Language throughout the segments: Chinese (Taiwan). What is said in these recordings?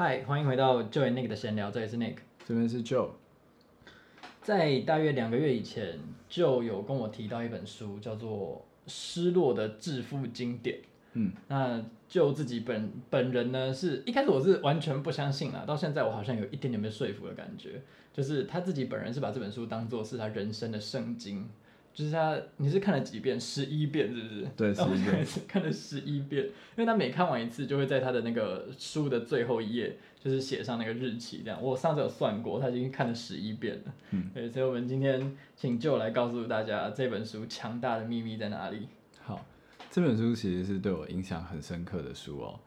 嗨，Hi，歡迎回到 Joe and Nick 的閒聊。這裡是 Nick，這邊是 Joe。在大約兩個月以前，Joe 有跟我提到一本書，叫做《失落的致富經典》。嗯，那 Joe 自己本本人呢，是一開始我是完全不相信啊，到現在我好像有一點點被說服的感覺。就是他自己本人是把這本書當做是他人生的聖經。就是他，你是看了幾遍？十一遍是不是？對， 看了十一遍。因為他每看完一次，就會在他的那個書的最後一頁，就是寫上那個日期。這樣，我上次有算過，他已經看了十一遍了。嗯，對。所以，我們今天請 Joe 來告訴大家這本書強大的秘密在哪裡。好，這本書其實是對我印象很深刻的書哦、喔。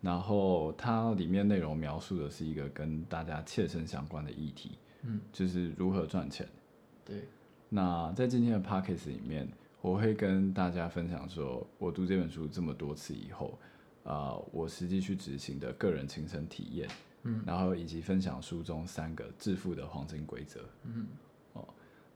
然後，它裡面內容描述的是一個跟大家切身相關的議題，嗯，就是如何賺錢。對。那在今天的 Podcast 裡面，我會跟大家分享說，我讀這本書這麼多次以後，啊、呃，我實際去執行的個人親身體驗，嗯，然後以及分享書中三個致富的黃金規則，嗯，哦，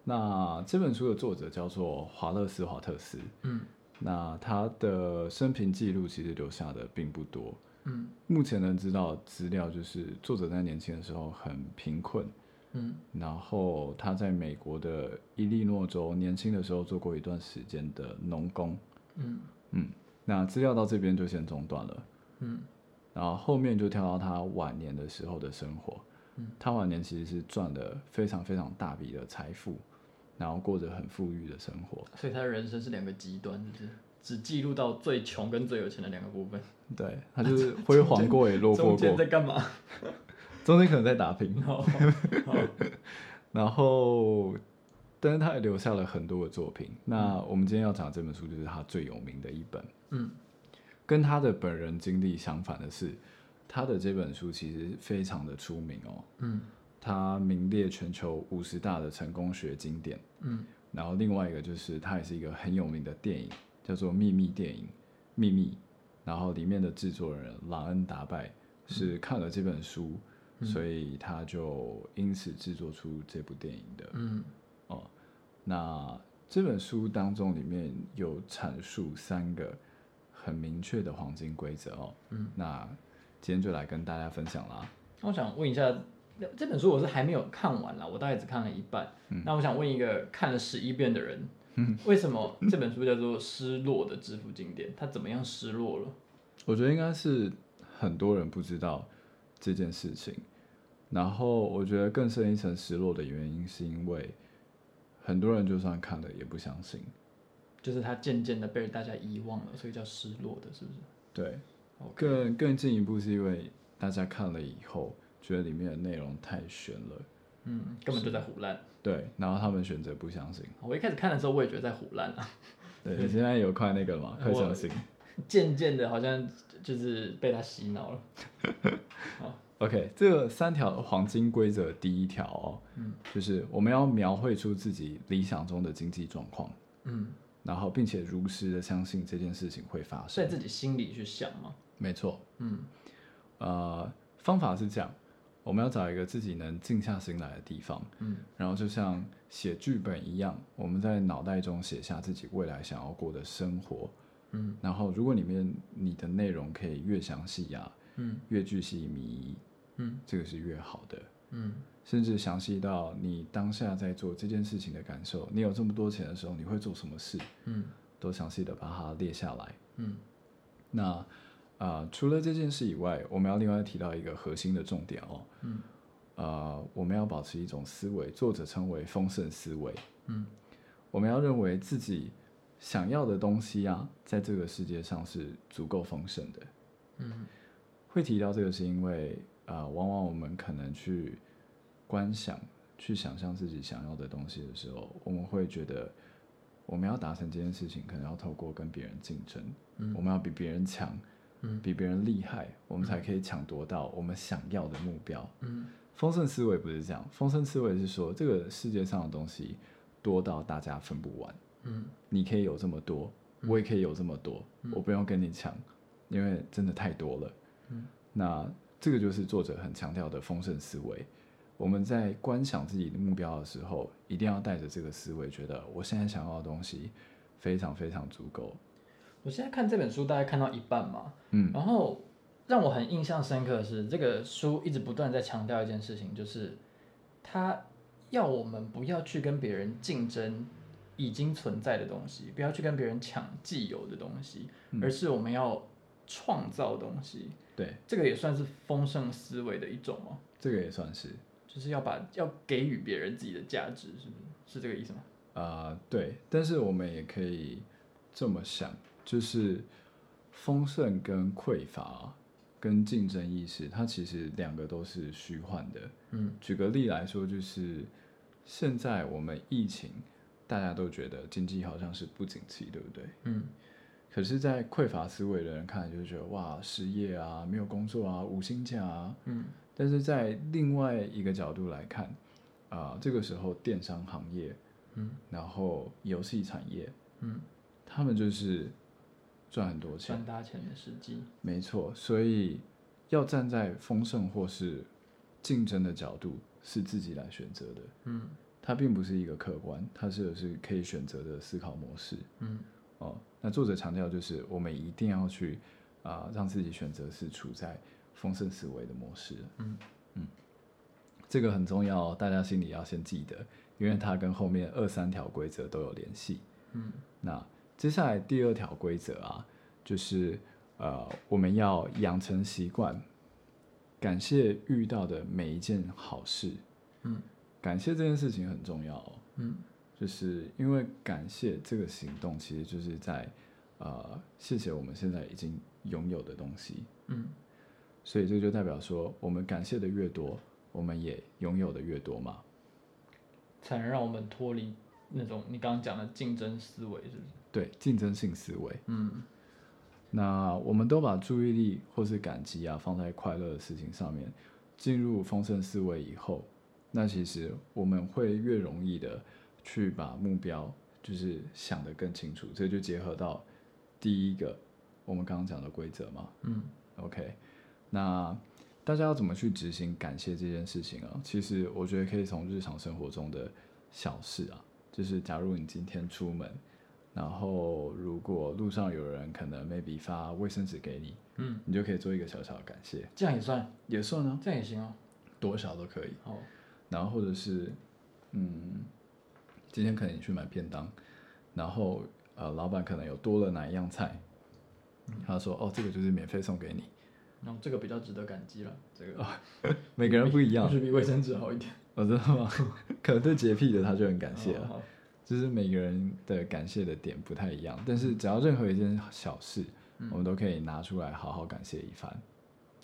那這本書的作者叫做華勒斯·華特斯，嗯，那他的生平記錄其實留下的並不多，嗯，目前能知道資料就是作者在年輕的時候很貧困。嗯，然後他在美國的伊利諾州年輕的時候做過一段時間的農工。嗯嗯，那資料到這邊就先中斷了。嗯，然後後面就跳到他晚年的時候的生活。嗯，他晚年其實是賺了非常非常大筆的財富，然後過着很富裕的生活。所以他的人生是兩個極端，就是、只記錄到最窮跟最有錢的兩個部分。對，他就是輝煌過也落魄過，過。 中間在幹嘛？ 中間可能在打拼，好，好 然後，但是他也留下了很多的作品。那我們今天要講這本書，就是他最有名的一本。嗯，跟他的本人經歷相反的是，他的這本書其實非常的出名哦。嗯，他名列全球五十大的成功學經典。嗯，然後另外一個就是，他也是一個很有名的電影，叫做秘密電影《秘密》電影，《秘密》。然後裡面的制作人朗恩·達拜是看了這本書。所以他就因此製作出這部電影的，嗯，哦，那這本書當中裡面有闡述三個很明確的黃金規則哦，嗯，那今天就來跟大家分享啦。那我想問一下，這本書我是還沒有看完啦，我大概只看了一半。嗯，那我想問一個看了十一遍的人，嗯，為什麼這本書叫做《失落的致富經典》？它 怎麼樣失落了？我覺得應該是很多人不知道這件事情。然後我覺得更深一層失落的原因，是因為很多人就算看了也不相信，就是他漸漸的被大家遺忘了，所以叫失落的，是不是？對，Okay. 更更進一步是因為大家看了以後，覺得裡面的內容太玄了，嗯，根本就在唬爛。對，然後他們選擇不相信。我一開始看的時候，我也覺得在唬爛啊。 對，你現在有快那個了嗎？快相信。漸漸的，好像就是被他洗腦了。 好 OK，這三條黃金規則第一條哦，嗯、就是我們要描繪出自己理想中的經濟狀況，嗯，然後並且如實的相信這件事情會發生，在自己心裡去想嗎？沒錯，嗯，呃，方法是這樣，我們要找一個自己能靜下心來的地方，嗯，然後就像寫劇本一樣，我們在腦袋中寫下自己未來想要過的生活，嗯，然後如果裡面你的內容可以越詳細啊，嗯，越具體嗯，這個是越好的，嗯，甚至詳細到你當下在做這件事情的感受，你有這麼多錢的時候，你會做什麼事？嗯，都詳細的把它列下來。嗯，那啊、呃，除了這件事以外，我們要另外提到一個核心的重點哦。嗯，呃，我們要保持一種思維，作者稱為豐盛思維。嗯，我們要認為自己想要的東西啊，在這個世界上是足夠豐盛的。嗯，會提到這個是因為。啊、呃，往往我們可能去觀想、去想象自己想要的東西的時候，我們會覺得，我們要達成這件事情，可能要透過跟別人競爭，嗯，我們要比別人強，嗯，比別人厲害，我們才可以搶奪到我們想要的目標。嗯，豐盛思維不是這樣，豐盛思維是說這個世界上的東西多到大家分不完，嗯，你可以有這麼多，我也可以有這麼多，嗯，我不用跟你搶，因為真的太多了。嗯，那。這個就是作者很強調的豐盛思維。我們在觀想自己的目標的時候，一定要帶着這個思維，覺得我現在想要的東西非常非常足夠。我現在看這本書大概看到一半嘛，嗯，然後讓我很印象深刻的是，這個書一直不斷地在強調一件事情，就是它要我們不要去跟別人競爭已經存在的東西，不要去跟別人搶既有的東西，嗯，而是我們要。創造東西。對，這個也算是豐盛思維的一種嗎、哦？這個也算是，就是要把要給予別人自己的價值是不是，是是這個意思嗎？啊、呃，對。但是我們也可以這麼想，就是豐盛跟匱乏，跟競爭意識，它其實兩個都是虛幻的。嗯，舉個例來說，就是現在我們疫情，大家都覺得經濟好像是不景氣，對不對？嗯。可是，在匱乏思維的人看，就是覺得哇，失業啊，沒有工作啊，無薪假啊，嗯、但是在另外一個角度來看，啊、呃，這個時候電商行業，嗯、然後遊戲產業，嗯、他們就是賺很多錢，賺大錢的時機。沒錯，所以要站在豐盛或是競爭的角度，是自己來選擇的，嗯。它並不是一個客觀，它是是可以選擇的思考模式，嗯。哦，那作者強調就是我們一定要去，啊、呃，讓自己選擇是處在豐盛思維的模式，嗯，嗯，這個很重要，大家心裡要先記得，因為它跟後面二三條規則都有聯繫，嗯，那接下來第二條規則啊，就是呃，我們要養成習慣，感謝遇到的每一件好事，嗯，感謝這件事情很重要哦，嗯。就是因為感謝這個行動，其實就是在，呃，謝謝我們現在已經擁有的東西。嗯，所以這就代表說，我們感謝的越多，我們也擁有的越多嘛。才能讓我們脫離那種你剛剛講的競爭思維，是不是？對，競爭性思維。嗯，那我們都把注意力或是感激啊放在快樂的事情上面，進入豐盛思維以後，那其實我們會越容易的。去把目標就是想得更清楚，這就結合到第一個我們剛剛講的規則嘛。嗯，OK，那大家要怎麼去執行感謝這件事情啊？其實我覺得可以從日常生活中的小事啊，就是假如你今天出門，然後如果路上有人可能 maybe 發衛生紙給你，嗯，你就可以做一個小小的感謝，這樣也算，也算呢、啊，這樣也行啊、哦，多少都可以。好然後或者是，嗯。今天可能你去買便當，然後呃，老闆可能有多了哪一樣菜，他說哦，這個就是免費送給你，然後、嗯、這個比較值得感激了。這個、哦、每個人不一樣，是比衛生紙好一點。我知道嗎？ 可能對潔癖的他就很感謝了。好好好，就是每個人的感謝的點不太一樣，但是只要任何一件小事，嗯、我們都可以拿出來好好感謝一番。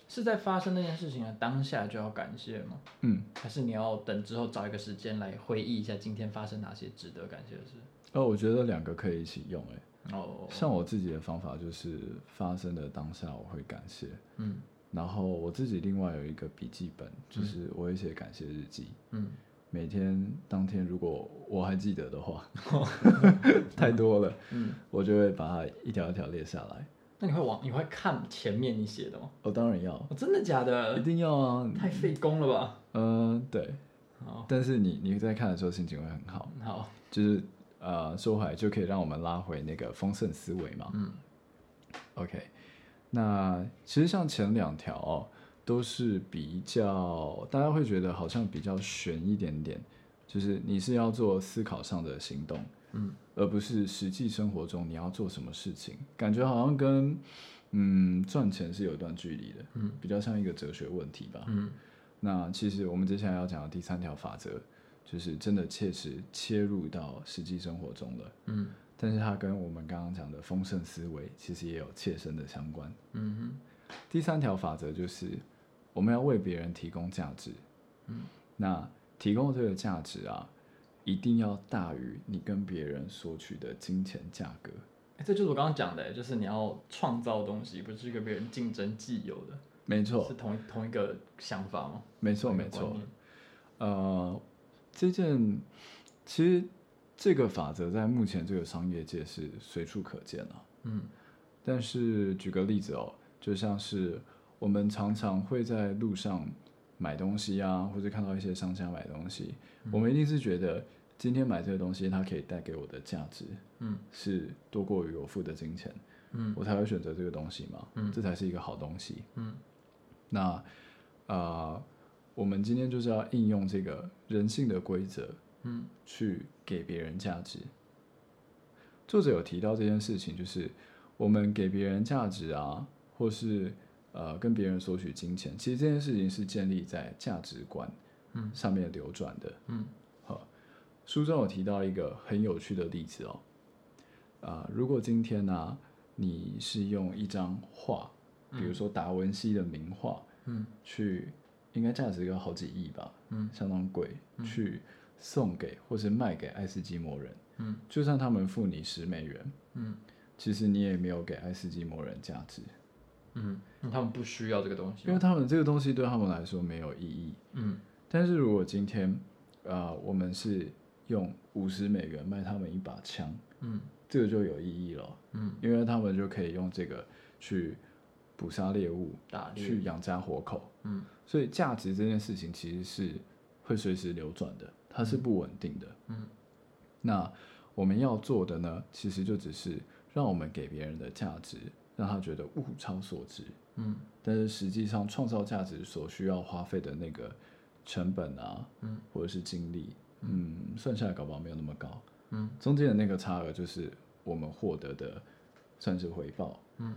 是在發生那件事情的當下就要感謝嗎？嗯，還是你要等之後找一個時間來回憶一下今天發生哪些值得感謝的事？哦，我覺得兩個可以一起用誒。哦，像我自己的方法就是發生的當下我會感謝，嗯，然後我自己另外有一個筆記本，就是我會寫感謝日記，嗯，每天當天如果我還記得的話，哦、 太多了，嗯，我就會把它一條一條列下來。那你會往你會看前面你寫的嗎？哦，當然要。哦，真的假的？一定要啊！嗯，太費工了吧？嗯，呃，對。好。但是你你在看的時候心情會很好。好，就是呃，說回來就可以讓我們拉回那個豐盛思維嘛。嗯。OK，那其實像前兩條哦，都是比較大家會覺得好像比較玄一點點。就是你是要做思考上的行動，嗯，而不是實際生活中你要做什麼事情，感覺好像跟，嗯，賺錢是有一段距離的，嗯，比較像一個哲學問題吧，嗯，那其實我們接下來要講的第三條法則，就是真的切實切入到實際生活中了，嗯，但是它跟我們剛剛講的豐盛思維其實也有切身的相關，嗯哼，第三條法則就是我們要為別人提供價值，嗯，那。提供這個價值啊，一定要大於你跟別人索取的金錢價格、欸。這就是我剛剛講的、欸，就是你要創造東西，不是跟別人競爭既有的。沒錯，是同同一個想法嗎？沒錯沒錯。沒錯嗯、呃，這件其實這個法則在目前這個商業界是隨處可見的、啊。嗯，但是舉個例子哦，就像是我們常常會在路上。買東西啊，或者看到一些商家買東西，嗯，我們一定是覺得今天買這個東西，它可以帶給我的價值，嗯，是多過於我付的金錢，嗯，我才會選擇這個東西嘛，嗯，這才是一個好東西，嗯，嗯，那，呃，我們今天就是要應用這個人性的規則，嗯，去給別人價值。作者有提到這件事情，就是我們給別人價值啊，或是。呃，跟別人索取金錢，其實這件事情是建立在價值觀上面流轉的。嗯嗯，書中有提到一個很有趣的例子哦，呃、如果今天呢、啊，你是用一張畫，比如說達文西的名畫，嗯、去，應該價值有好幾億吧，嗯、相當貴，嗯、去送給或者賣給愛斯基摩人，嗯、就算他們付你十美元，嗯、其實你也沒有給愛斯基摩人價值。嗯，他們不需要這個東西，因為他們這個東西對他們來說沒有意義。嗯，但是如果今天，呃，我們是用五十美元賣他們一把槍，嗯，這個就有意義了。嗯，因為他們就可以用這個去捕殺獵物、打獵、去養家活口。嗯，所以價值這件事情其實是會隨時流轉的，它是不穩定的。嗯，嗯，那我們要做的呢，其實就只是讓我們給別人的價值。讓他覺得物超所值，嗯，但是實際上創造價值所需要花費的那個成本啊，嗯，或者是精力，嗯，算下來搞不好沒有那麼高，嗯，中間的那個差額就是我們獲得的，算是回報，嗯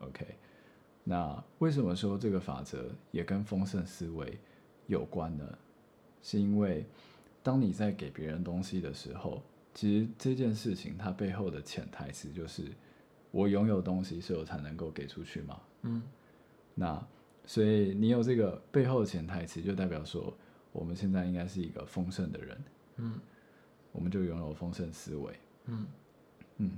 ，OK，那為什麼說這個法則也跟豐盛思維有關呢？是因為當你在給別人東西的時候，其實這件事情它背後的潛台詞就是。我擁有東西，所以我才能夠給出去嘛。嗯，那所以你有這個背後的潛台詞，就代表說我們現在應該是一個豐盛的人。嗯，我們就擁有豐盛思維。嗯嗯，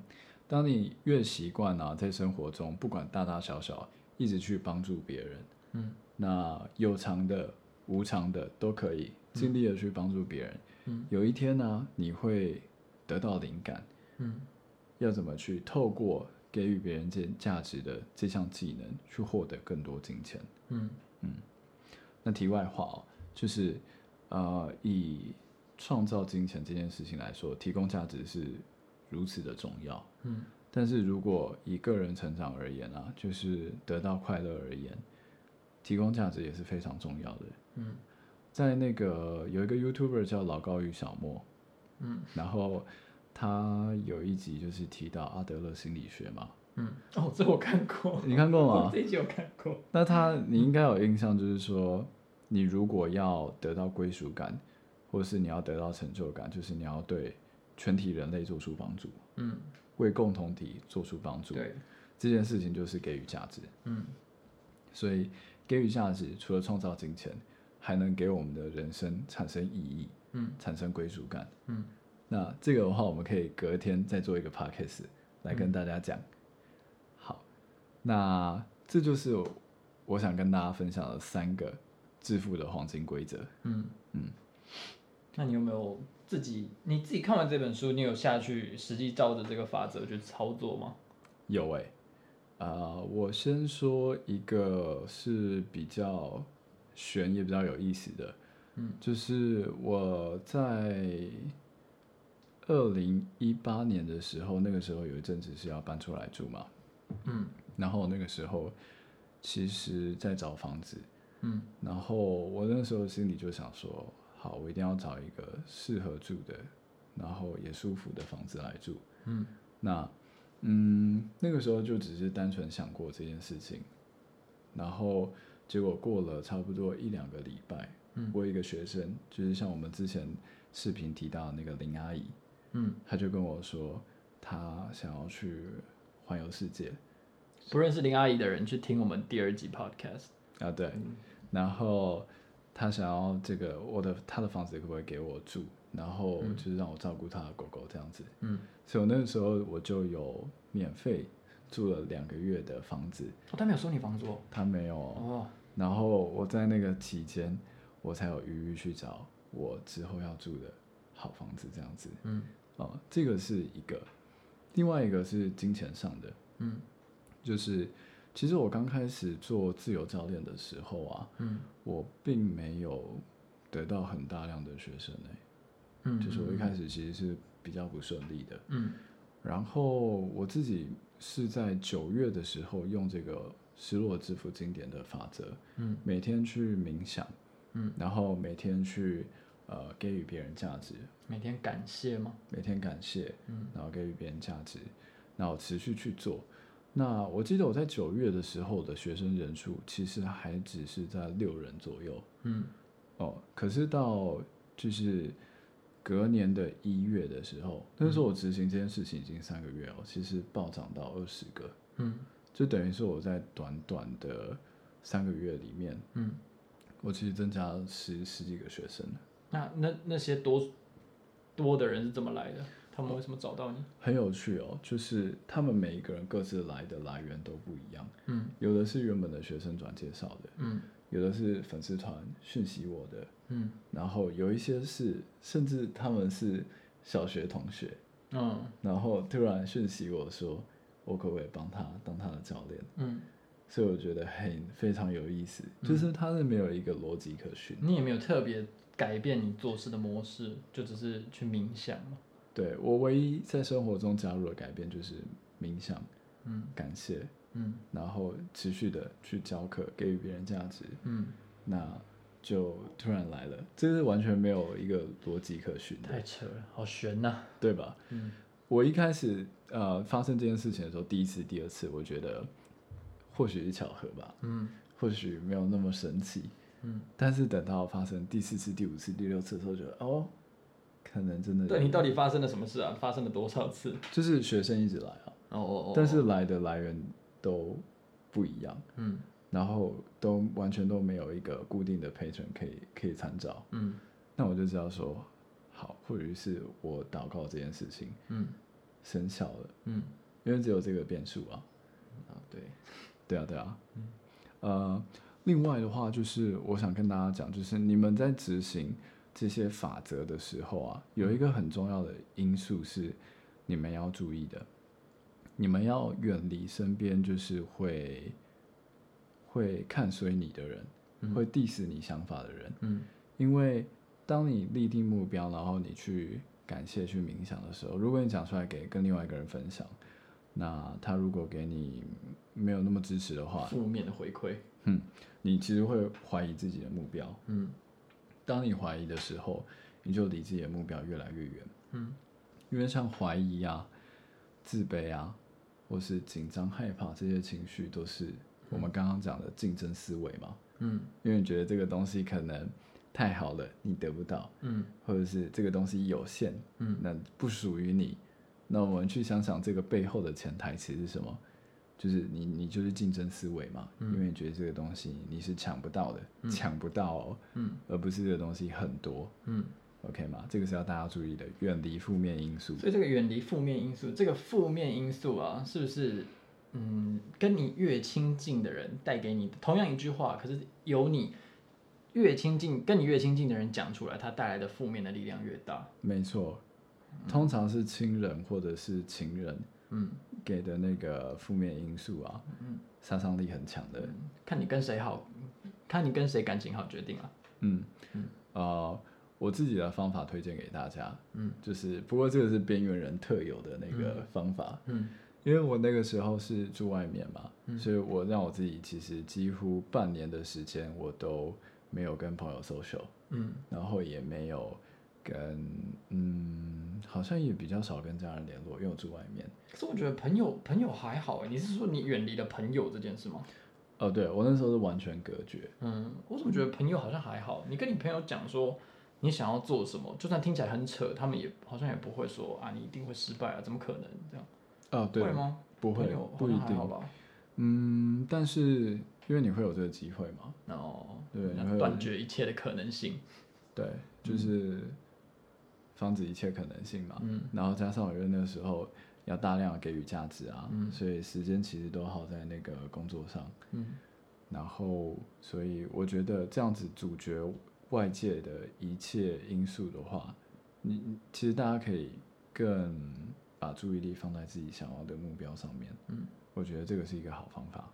當你越習慣啊，在生活中不管大大小小，一直去幫助別人。嗯，那有償的、無償的都可以，盡力的去幫助別人。嗯，有一天呢、啊，你會得到靈感。嗯，要怎麼去透過。給予別人這價值的這項技能，去獲得更多金錢。嗯嗯。那題外話哦、啊，就是，呃，以創造金錢這件事情來說，提供價值是如此的重要。嗯。但是如果以個人成長而言啊，就是得到快樂而言，提供價值也是非常重要的。嗯。在那個有一個 YouTuber 叫老高與小茉。嗯。然後。他有一集就是提到阿德勒心理學嘛，嗯，哦，這我看過，你看過嗎？哦，這一集我看過，那他你應該有印象，就是說，嗯，你如果要得到歸屬感，或是你要得到成就感，就是你要對全體人類做出幫助，嗯，為共同體做出幫助，對，這件事情就是給予價值，嗯，所以給予價值除了創造金錢，還能給我們的人生產生意義，嗯，產生歸屬感，嗯。那這個的話，我們可以隔天再做一個 podcast 來跟大家講。嗯、好，那這就是我想跟大家分享的三個致富的黃金規則。嗯嗯，那你有沒有自己你自己看完這本書，你有下去實際照着這個法則去操作嗎？有哎、欸，呃，我先說一個是比較玄也比較有意思的，嗯，就是我在。二零一八年的時候，那個時候有一陣子是要搬出來住嘛，嗯，然後那個時候，其實在找房子，嗯，然後我那個時候心裡就想說，好，我一定要找一個適合住的，然後也舒服的房子來住，嗯，那，嗯，那個時候就只是單純想過這件事情，然後結果過了差不多一兩個禮拜，我、嗯、我一個學生，就是像我們之前視頻提到的那個林阿姨。嗯，他就跟我說，他想要去環遊世界，不認識林阿姨的人去聽我們第二集 Podcast 啊，對。嗯。然後他想要這個我的他的房子會不會給我住？然後就是讓我照顧他的狗狗這樣子。嗯，所以我那個時候我就有免費住了兩個月的房子。哦，他沒有收你房租，哦？他沒有哦。然後我在那個期間，我才有餘裕去找我之後要住的好房子這樣子。嗯。呃、這個是一個，另外一個是金錢上的，嗯，就是其實我剛開始做自由教練的時候啊，嗯，我並沒有得到很大量的學生哎、欸，嗯，就是我一開始其實是比較不順利的，嗯，然後我自己是在九月的時候用這個失落致富經典的法則，嗯，每天去冥想，嗯，然後每天去。呃，給予別人價值，每天感謝嗎？每天感謝，嗯，然後給予別人價值，然後持續去做。那我記得我在九月的時候的學生人數其實還只是在六人左右，嗯，哦，可是到就是隔年的一月的時候，那時候我執行這件事情已經三個月了，其實暴漲到二十個，嗯，就等於說我在短短的三個月裡面，嗯，我其實增加了十十幾個學生。那那那些多多的人是怎麼來的？他們為什麼找到你？很有趣哦，就是他們每一個人各自來的來源都不一樣。嗯，有的是原本的學生轉介紹的，嗯，有的是粉絲團訊息我的，嗯，然後有一些是甚至他們是小學同學，嗯，然後突然訊息我說我可不可以幫他當他的教練。嗯，所以我覺得很非常有意思，就是他是沒有一個邏輯可循。嗯。你也沒有特別。改變你做事的模式，就只是去冥想。對，我唯一在生活中加入了改變就是冥想，嗯，感謝，嗯，然後持續的去教課，給予別人價值，嗯，那就突然來了，這是完全沒有一個邏輯可循的。太扯了，好懸吶、啊，對吧？嗯，我一開始呃發生這件事情的時候，第一次、第二次，我覺得或許是巧合吧，嗯，或許沒有那麼神奇。嗯，但是等到發生第四次、第五次、第六次的時候，覺得哦，可能真的，對，你到底發生了什麼事啊？發生了多少次？就是學生一直來啊，哦哦哦，但是來的來源都不一樣，嗯，然後都完全都沒有一個固定的 pattern 可以可以參照，嗯，那我就知道說，好，或許是我禱告這件事情，嗯，生效了，嗯，因為只有這個變數啊，啊，對，對啊，對啊，嗯，呃另外的話，就是我想跟大家講，就是你們在執行這些法則的時候啊，有一個很重要的因素是，你們要注意的，你們要遠離身邊就是會會看衰你的人，嗯、會 diss 你想法的人，嗯，因為當你立定目標，然後你去感謝、去冥想的時候，如果你講出來給跟另外一個人分享，那他如果給你沒有那麼支持的話，負面的回饋。嗯，你其實會懷疑自己的目標。嗯，當你懷疑的時候，你就離自己的目標越來越遠。嗯，因為像懷疑啊、自卑啊，或是緊張、害怕這些情緒，都是我們剛剛講的競爭思維嘛。嗯，因為覺得這個東西可能太好了，你得不到。嗯，或者是這個東西有限。嗯，那不屬於你。那我們去想想這個背後的潛台詞是什麼？就是你，你就是競爭思維嘛，嗯、因為你覺得這個東西你是搶不到的，搶、嗯、不到、哦，嗯，而不是這個東西很多，嗯，OK 嗎？這個是要大家注意的，遠離負面因素。所以這個遠離負面因素，這個負面因素啊，是不是，嗯，跟你越親近的人帶給你的同樣一句話，可是由你越親近，跟你越親近的人講出來，他帶來的負面的力量越大。嗯、沒錯，通常是親人或者是情人。嗯，給的那個負面因素啊，嗯，殺傷力很強的，看你跟誰好，看你跟誰感情好決定啊。嗯嗯，啊、嗯呃，我自己的方法推薦給大家，嗯，就是不過這個是邊緣人特有的那個方法，嗯，嗯，因為我那個時候是住外面嘛，嗯、所以我讓我自己其實幾乎半年的時間我都沒有跟朋友 social，嗯，然後也沒有。跟嗯，好像也比較少跟家人聯絡，因為我住外面。可是我覺得朋友，朋友還好欸，你是說你遠離了朋友這件事嗎？哦，對，我那時候是完全隔絕。嗯，我怎麼覺得朋友好像還好？你跟你朋友講說你想要做什麼，就算聽起來很扯，他們也好像也不會說啊，你一定會失敗啊，怎麼可能這樣？啊、哦，對。會嗎？不會，好好不一定。嗯，但是因為你會有這個機會嘛，然後、哦、對，斷絕一切的可能性。對，就是。嗯防止一切可能性嘛，嗯，然後加上我覺得那時候要大量給予價值啊，嗯，所以時間其實都耗在那個工作上，嗯，然後所以我覺得這樣子阻絕外界的一切因素的話，你其實大家可以更把注意力放在自己想要的目標上面，嗯，我覺得這個是一個好方法。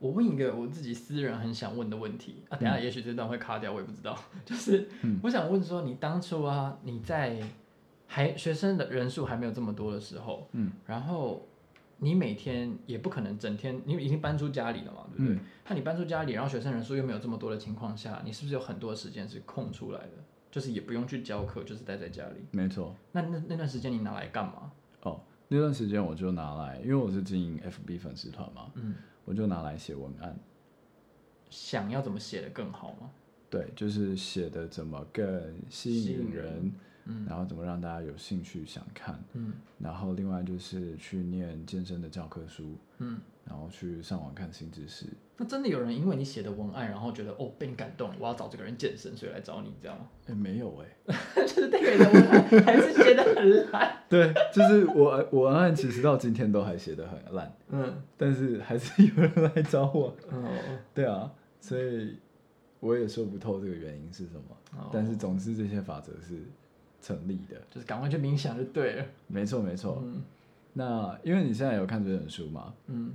我問一個我自己私人很想問的問題啊，等下也許這段會卡掉，我也不知道。就是我想問說，你當初啊，你在還學生的人數還沒有這麼多的時候，嗯，然後你每天也不可能整天，你已經搬出家裡了嘛，對不對？那你搬出家裡，然後學生人數又沒有這麼多的情況下，你是不是有很多時間是空出來的？就是也不用去教課，就是待在家裡。沒錯。那那那段時間你拿來幹嘛？哦，那段時間我就拿來，因為我是經營 FB 粉絲團嘛，嗯。我就拿來寫文案，想要怎麼寫得更好嗎？對，就是寫得怎麼更吸引人。嗯、然後怎麼讓大家有興趣想看？嗯，然後另外就是去念健身的教科書，嗯，然後去上網看新知識。那真的有人因為你寫的文案，然後覺得哦被你感動，我要找這個人健身，所以來找你，這樣嗎？哎，沒有哎、欸， 就是那個人文案還是寫的很爛。 對，就是我我文案其實到今天都還寫的很爛，嗯，但是還是有人來找我。嗯，對啊，所以我也說不透這個原因是什麼，嗯、但是總之這些法則是成立的，就是趕快去冥想就對了。沒錯沒錯。嗯。那因為你現在有看這本書嗎？嗯。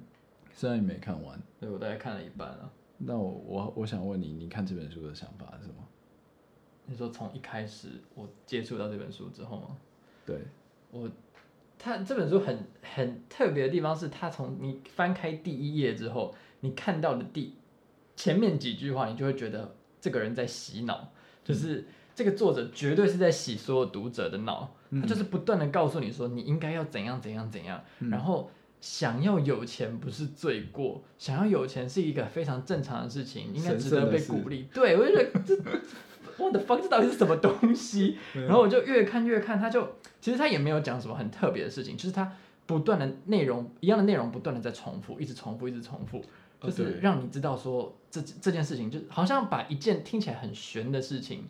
雖然你沒看完對。對我大概看了一半了。那我我我想問你，你看這本書的想法是什麼？你說從一開始我接觸到這本書之後嗎？對。我，它這本書很很特別的地方是，它從你翻開第一頁之後，你看到的第前面幾句話，你就會覺得這個人在洗腦，就是。嗯這個作者絕對是在洗所有讀者的腦，嗯、他就是不斷的告訴你說你應該要怎樣怎樣怎樣，嗯、然後想要有錢不是罪過，想要有錢是一個非常正常的事情，應該值得被鼓勵。對我就覺得 這，what the fuck，這到底是什麼東西？有然後我就越看越看，他就其實他也沒有講什麼很特別的事情，就是他不斷的內容一樣的內容不斷的在重複，一直重複，一直重複，重複就是讓你知道說 Okay. 這這件事情，就好像把一件聽起來很玄的事情。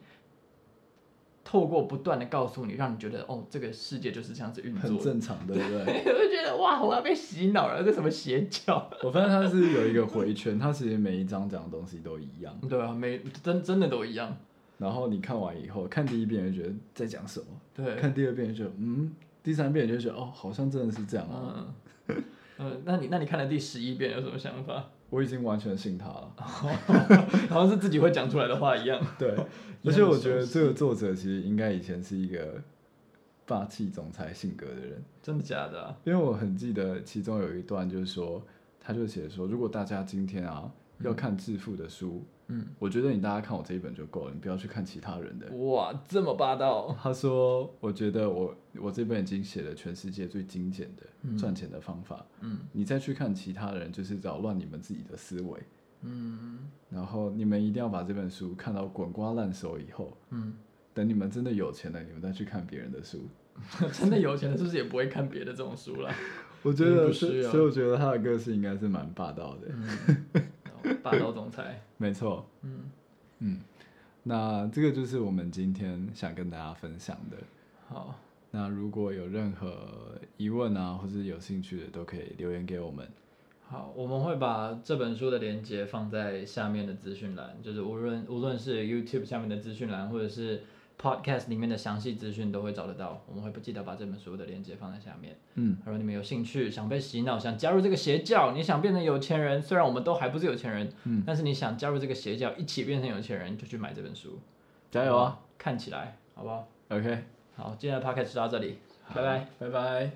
透過不斷的告訴你，讓你覺得哦，這個世界就是這樣子運作，很正常，對不對？你會 覺得哇，我要被洗腦了，這是什麼邪教？我發現他是有一個回圈， 他其實每一章講的東西都一樣，嗯、對啊，每真真的都一樣。然後你看完以後，看第一遍就覺得在講什麼，對；看第二遍就嗯，第三遍就覺得哦，好像真的是這樣哦、啊嗯。嗯，那你那你看了第十一遍有什麼想法？我已經完全信他了， 好像是自己會講出來的話一樣。 對，而且我覺得這個作者其實應該以前是一個霸氣總裁性格的人，真的假的？因為我很記得其中有一段，就是說，他就寫說，如果大家今天啊要看致富的書。嗯，我覺得你大家看我這一本就夠了，你不要去看其他人的。哇，這麼霸道！他說，我覺得我我這本已經寫了全世界最精簡的賺錢的方法。嗯，嗯，你再去看其他人，就是擾亂你們自己的思維。嗯，然後你們一定要把這本書看到滾瓜爛熟以後，嗯，等你們真的有錢了，你們再去看別人的書。真的有錢了，是不是也不會看別的這種書了？ 我覺得，不所以我覺得他的個性應該是蠻霸道的。嗯霸道總裁，沒錯，嗯嗯，那這個就是我們今天想跟大家分享的。好，那如果有任何疑問啊，或者有興趣的，都可以留言給我們。好，我們會把這本書的鏈接放在下面的資訊欄，就是無論無論是 YouTube 下面的資訊欄，或者是。Podcast 裡面的詳細資訊都會找得到，我們會不記得把這本書的鏈接放在下面。嗯，如果你們有興趣，想被洗腦，想加入這個邪教，你想變成有錢人，雖然我們都還不是有錢人，嗯，但是你想加入這個邪教，一起變成有錢人，就去買這本書，加油啊，嗯，看起來，好不好？OK，好，今天的 Podcast 就到這裡，拜拜，拜拜。